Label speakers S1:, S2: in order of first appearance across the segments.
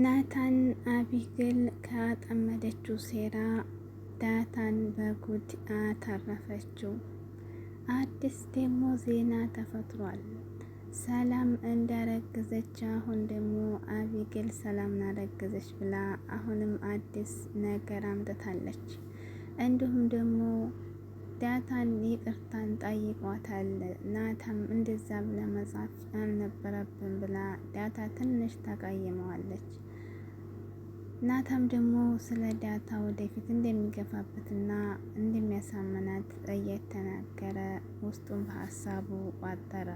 S1: ናታን አቢግል ካጠመደችው ሴራ ዳታን በጉድ አተረፈችው። አዲስ ደግሞ ዜና ተፈጥሯል። ሰላም እንዳረገዘች አሁን ደግሞ አቢግል ሰላም አረገዘች ብላ አሁንም አዲስ ነገር አምጥታለች። እንዲሁም ደግሞ እርዳታን ይቅርታን ጠይቋታል። ናታም እንደዛ ብለ መጻፍ አልነበረብን ብላ ዳታ ትንሽ ተቃይመዋለች። ናታም ደግሞ ስለ ዳታ ወደፊት እንደሚገፋበትና እንደሚያሳምናት እየተናገረ ውስጡን በሀሳቡ ቋጠረ።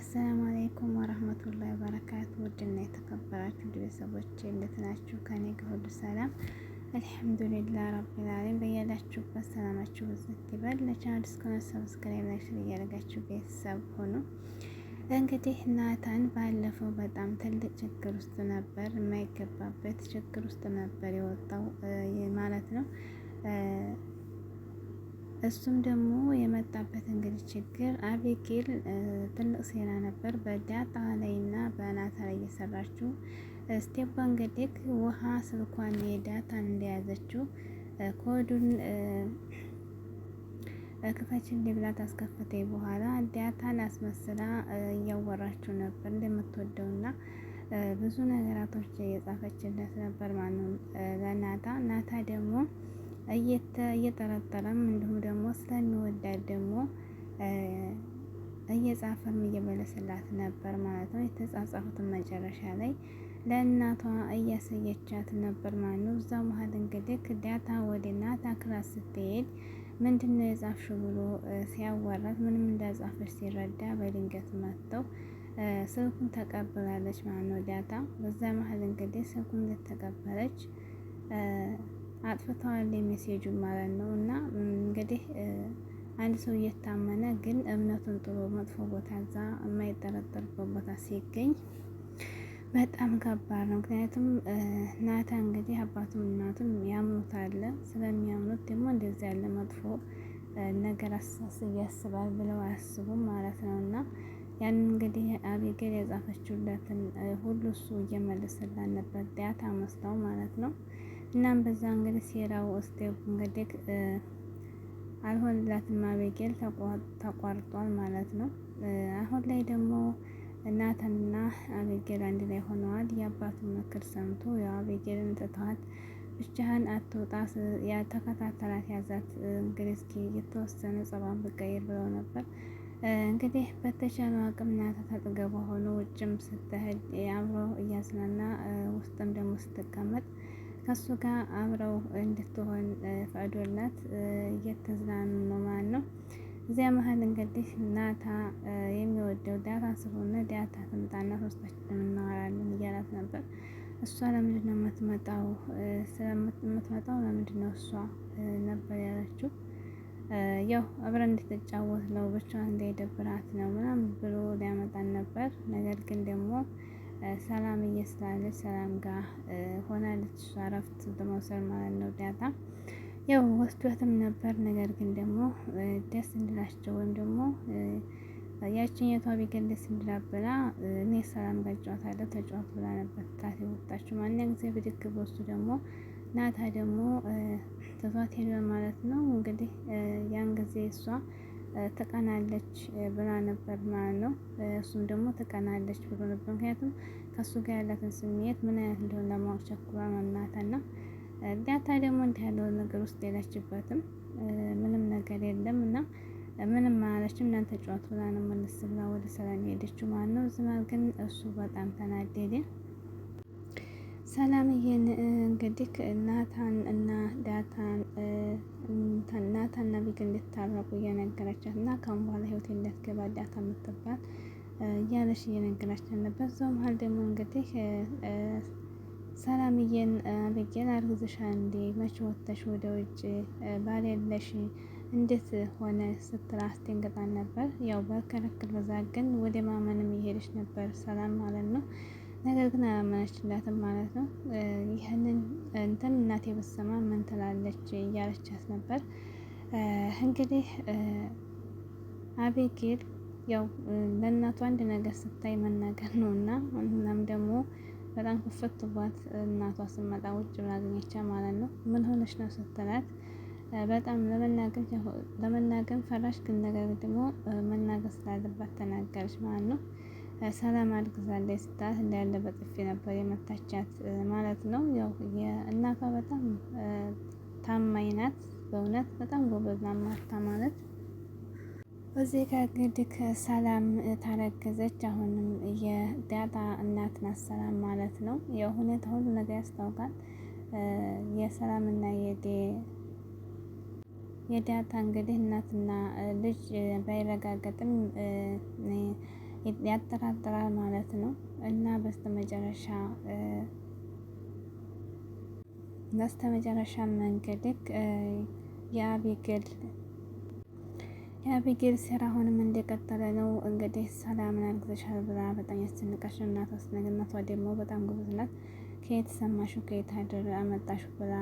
S1: አሰላሙ አለይኩም ወረህመቱላሂ ወበረካቱ። ውድና የተከበራችሁ ቤተሰቦች እንደትናችሁ? ከኔ ጋር ሁሉ ሰላም አልሐምዱሊላህ ረቢል ዓለሚን። በያላችሁበት ሰላማችሁ ብዝት ይበል። ለቻናል እስከሆነ ሰብስክራይብ ላይሽን እያደረጋችሁ ቤተሰብ ሆኑ። እንግዲህ ናታን ባለፈው በጣም ትልቅ ችግር ውስጥ ነበር፣ የማይገባበት ችግር ውስጥ ነበር የወጣው ማለት ነው። እሱም ደግሞ የመጣበት እንግዲህ ችግር አቤጌል ትልቅ ሴራ ነበር በዳጣ ላይ ላይና በናታ ላይ እየሰራችው። ስቴፋ እንግዲህ ውሃ ስልኳን የዳታን እንደያዘችው ኮዱን ክፈችን ብላት አስከፈተ። በኋላ ዳታን አስመስላ እያወራችው ነበር እንደምትወደው እንደምትወደውና ብዙ ነገራቶች የጻፈችለት ነበር ማነው ለናታ ናታ ደግሞ እየጠረጠረም እንዲሁም ደግሞ ስለሚወዳት ደግሞ እየጻፈም እየመለሰላት ነበር ማለት ነው። የተጻጻፉትን መጨረሻ ላይ ለእናቷ እያሰየቻት ነበር ማለት ነው። እዛ መሀል እንግዲህ ዳታ ወደ ናታ ክላስ ስትሄድ ምንድን ነው ብሎ ሲያወራት ምንም እንዳጻፈች ሲረዳ በድንገት መጥተው ስልኩን ተቀብላለች ማለት ነው ዳታ። በዛ መሀል እንግዲህ ስልኩን እንደተቀበለች አጥፍተዋል የሜሴጁ ማለት ነው። እና እንግዲህ አንድ ሰው እየታመነ ግን እምነቱን ጥሎ መጥፎ ቦታ እዛ የማይጠረጠርበት ቦታ ሲገኝ በጣም ከባድ ነው። ምክንያቱም ናታ እንግዲህ አባቱም እናቱም አለ ስለሚያምኑት ደግሞ እንደዚያ ያለ መጥፎ ነገር አስተሳሰብ እያስባል ብለው አያስቡም ማለት ነው እና ያን እንግዲህ አቤጌል የጻፈችለትን ሁሉ እሱ እየመለሰላን ነበር ዳታ መስለው ማለት ነው። እናም በዛ እንግዲህ ሴራው ስቴፕ እንግዲህ አልሆንላትም አቤጌል ተቋርጧል ማለት ነው። አሁን ላይ ደግሞ ናታንና አቤጌል አንድ ላይ ሆነዋል። የአባቱን ምክር ሰምቶ ያው አቤጌልን ትተዋት ብቻህን አትውጣ ተከታተላት፣ ያዛት እንግዲህ እስኪ የተወሰነ ጸባን ብቀይር ብለው ነበር። እንግዲህ በተቻለ አቅም ናታ ታጠገቧ ሆኖ ውጭም ስትሄድ አብሮ እያዝናና ውስጥም ደግሞ ስትቀመጥ ከሱ ጋር አብረው እንድትሆን ፈቅዶላት እየተዝናኑ ነው ማለት ነው። እዚያ መሀል እንግዲህ ናታ የሚወደው ዳታ ስለሆነ ዳታ ትምጣና ሶስታችን እናወራለን እያላት ነበር። እሷ ለምንድን ነው የምትመጣው? ስለምትመጣው ለምንድን ነው እሷ ነበር ያለችው። ያው አብረን እንድትጫወት ነው፣ ብቻዋን እንዳይደብራት ነው ምናምን ብሎ ሊያመጣን ነበር። ነገር ግን ደግሞ ሰላም እየስላለች ሰላም ጋር ሆናለች እረፍት በመውሰድ ማለት ነው። ዳታ ያው ወስዷትም ነበር። ነገር ግን ደግሞ ደስ እንድላቸው ወይም ደግሞ ያችኛቷ ቢገን ደስ እንድላበላ እኔ ሰላም ጋር እጫወታለሁ ተጫወት ብላ ነበር ታት የወጣችው ማንኛ ጊዜ ብድግ ብሎ እሱ ደግሞ ናታ ደግሞ ተቷት ሄዷል ማለት ነው። እንግዲህ ያን ጊዜ እሷ ትቀናለች ብላ ነበር ማለት ነው። እሱም ደግሞ ትቀናለች ብሎ ነበር። ምክንያቱም ከእሱ ጋር ያላትን ስሜት ምን አይነት እንደሆነ ለማወቅ ቸኩላ መናታና ዳታ ደግሞ እንዲህ ያለው ነገር ውስጥ የለችበትም። ምንም ነገር የለም እና ምንም ማለችም እናንተ ጨዋት ብላ ነው መለስ ብላ ወደ ሰላም ሄደችው ማለት ነው። ዝናብ ግን እሱ በጣም ተናደደ። ሰላምዬን እንግዲህ ናታን እና ዳታን ናታን እና ቢግ እንድታረቁ እየነገረቻት እና ካሁን በኋላ ህይወት እንዳትገባ ዳታ የምትባል እያለሽ እየነገራቻት ነበር። እዛው መሀል ደግሞ እንግዲህ ሰላምዬን አብጌን አርግዝሻ እንዴ መቼ ወጥተሽ ወደ ውጭ ባል ያለሽ እንዴት ሆነ ስትል አስደንግጣን ነበር። ያው በከለክል በዛ ግን ወደ ማመንም እየሄደች ነበር ሰላም ማለት ነው። ነገር ግን አላመነችላትም ማለት ነው። ይህንን እንትን እናቴ የበሰማ ምን ትላለች እያለቻት ነበር። እንግዲህ አቤጌል ያው ለእናቱ አንድ ነገር ስታይ መናገር ነው እና እናም ደግሞ በጣም ክፍት ባት እናቷ ስመጣ ውጭ ብላ አገኘቻ ማለት ነው። ምን ሆነች ነው ስትላት በጣም ለመናገር ፈራሽ፣ ግን ነገር ደግሞ መናገር ስላለባት ተናገረች ማለት ነው። ሰላም አልግዛለች ስታት እንዳለ በጥፊ ነበር የመታቻት ማለት ነው። ያው እናቷ በጣም ታማኝ ናት። በእውነት በጣም ጎበዝ ማርታ ማለት። በዚህ ጋር እንግዲህ ሰላም ታረገዘች። አሁንም የዳጣ እናት ናት ሰላም ማለት ነው። የሁኔታ ሁሉ ነገር ያስታውቃል። የሰላም እና የዳጣ እንግዲህ እናትና ልጅ ባይረጋገጥም ያጠራጥራል ማለት ነው እና በስተመጨረሻ በስተመጨረሻ መንገድክ የአቤጌል የአቤጌል ስራ አሁንም እንደቀጠለ ነው። እንግዲህ ሰላምን አርግዘሻል ብላ በጣም ያስጨንቃሽ እናቷ ስትነግር፣ እናቷ ደግሞ በጣም ጎበዝ ናት። ከየት ሰማሹ ከየት አድር አመጣሹ ብላ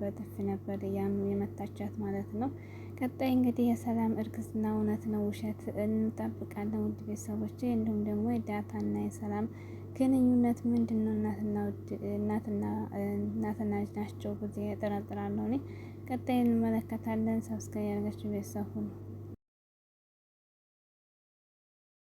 S1: በጥፊ ነበር ያም የመታቻት ማለት ነው። ቀጣይ እንግዲህ የሰላም እርግዝና እውነት ነው ውሸት እንጠብቃለን። ውድ ቤተሰቦች እንዲሁም ደግሞ የዳታና የሰላም ግንኙነት ምንድን ነው? እናትና ልጅ ናቸው ጊዜ ያጠራጥራለሁ። እኔ። ቀጣይ እንመለከታለን። ሰብስክራይብ ያደረጋችሁ ቤተሰብ ሁኑ።